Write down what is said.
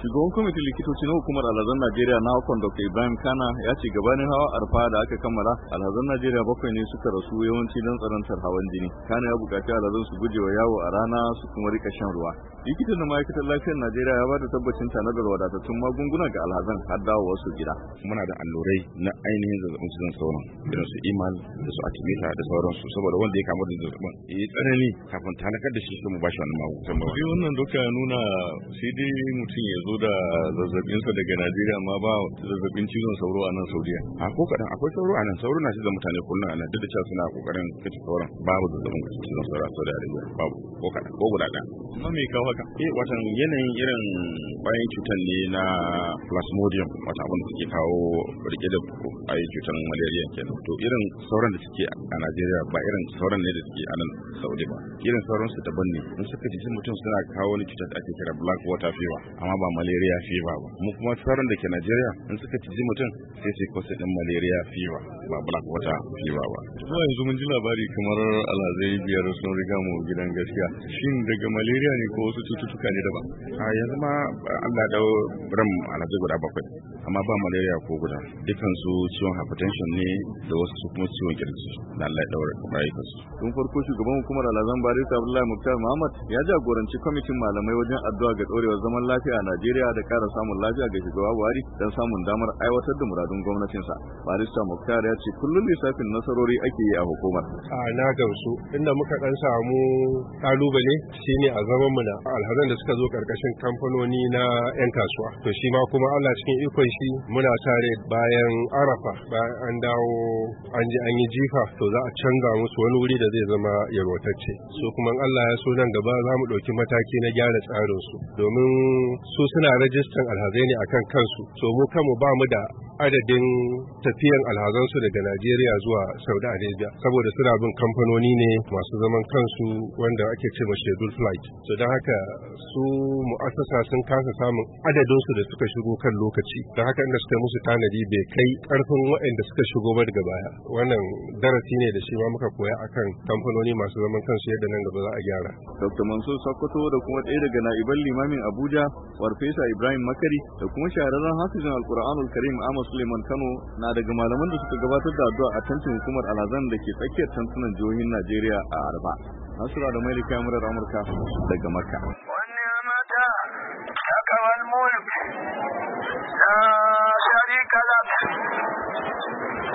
shugaban kwamitin likitoci na hukumar alhazan najeriya na hakon dr ibrahim kana ya ce gabanin hawa arfa da aka kammala alhazan najeriya bakwai ne suka rasu yawanci don tsarantar hawan jini kana ya bukaci alhazan su guje wa yawo a rana su kuma rika shan ruwa likitan da ma'aikatar lafiyar najeriya ya bada tabbacin tanadar wadatattun magunguna ga alhazan har dawo su gida muna da allurai na ainihin zazzabin cizon sauron irin su imal da su atimita da sauransu saboda wanda ya kamar da zazzabin ya yi tsanani kafin talakar da shi su mu bashi wani magunguna. wannan doka ya nuna sai dai mutum ya zo zo da zazzabinsa daga Najeriya ma ba zazzabin cizon sauro a nan Saudiya. A ko kaɗan akwai sauro a nan sauro na cizon mutane kullum a nan duk da cewa suna kokarin kace sauran babu zazzabin cizon sauro a Saudiya Arabia babu ko kaɗan ko guda ɗaya. Amma me kawo haka? Eh watan yanayin irin bayan cutan ne na plasmodium wata abin da suke kawo rike da kwayan cutan malaria kenan. To irin sauran da suke a Najeriya ba irin sauran ne da suke a nan Saudiya ba. Irin sauran su daban ne. In suka ji mutum suna kawo wani cutar da ake kira black water fever amma ba malaria fever ba mu kuma tsarin da ke Najeriya in suka ciji mutum sai sai kwasa din malaria fever ba black water fever ba to yanzu mun ji labari kamar alazai biyar sun riga mu gidan gaskiya shin daga malaria ne ko wasu cututtuka ne daban a yanzu ma Allah dawo ram alazai guda bakwai amma ba malaria ko guda dukkan su ciwon hypertension ne da wasu su kuma ciwon kirji da Allah ya daura su tun farko shugaban hukumar alazan barista Abdullahi Muktar Muhammad ya jagoranci kwamitin malamai wajen addu'a ga dorewar zaman lafiya a Najeriya da ƙara samun lafiya ga shugaba Buhari dan samun damar aiwatar da muradun sa barista Muktar ya ce kullum lissafin nasarori ake yi a hukumar a na gamsu inda muka dan samu kalubale shine a zaman mu na alhazan da suka zo karkashin kamfanoni na yan kasuwa to shi ma kuma Allah cikin ikon sati muna tare bayan arafa bayan an dawo an ji an yi jifa to za a canza musu wani wuri da zai zama yalwatacce su kuma Allah ya so nan gaba za mu ɗauki mataki na gyara tsarin su domin su suna rajistan alhazai ne akan kansu so mu kanmu ba mu da adadin tafiyan alhazansu daga Najeriya zuwa Saudi Arabia saboda suna bin kamfanoni ne masu zaman kansu wanda ake ce ma schedule flight. So don haka su mu'assasa sun kasa samun adadin da suka shigo kan lokaci. Don haka inda suka musu tanadi bai kai karfin waɗanda suka shigo ba daga baya. Wannan darasi ne da shi ma muka koya akan kamfanoni masu zaman kansu yadda nan gaba za a gyara. Dr. Mansur Sokoto da kuma ɗaya daga na'iban limamin Abuja, Farfesa Ibrahim Makari da kuma shahararren hafizin Alkur'anul Karim Ahmad. Suleiman Kano na daga malaman da suka gabatar da addu'a a tantin hukumar alazan da ke tsakiyar tantunan jihohin Najeriya a Arba. Nasura da Mailika Murar Amurka daga Makka.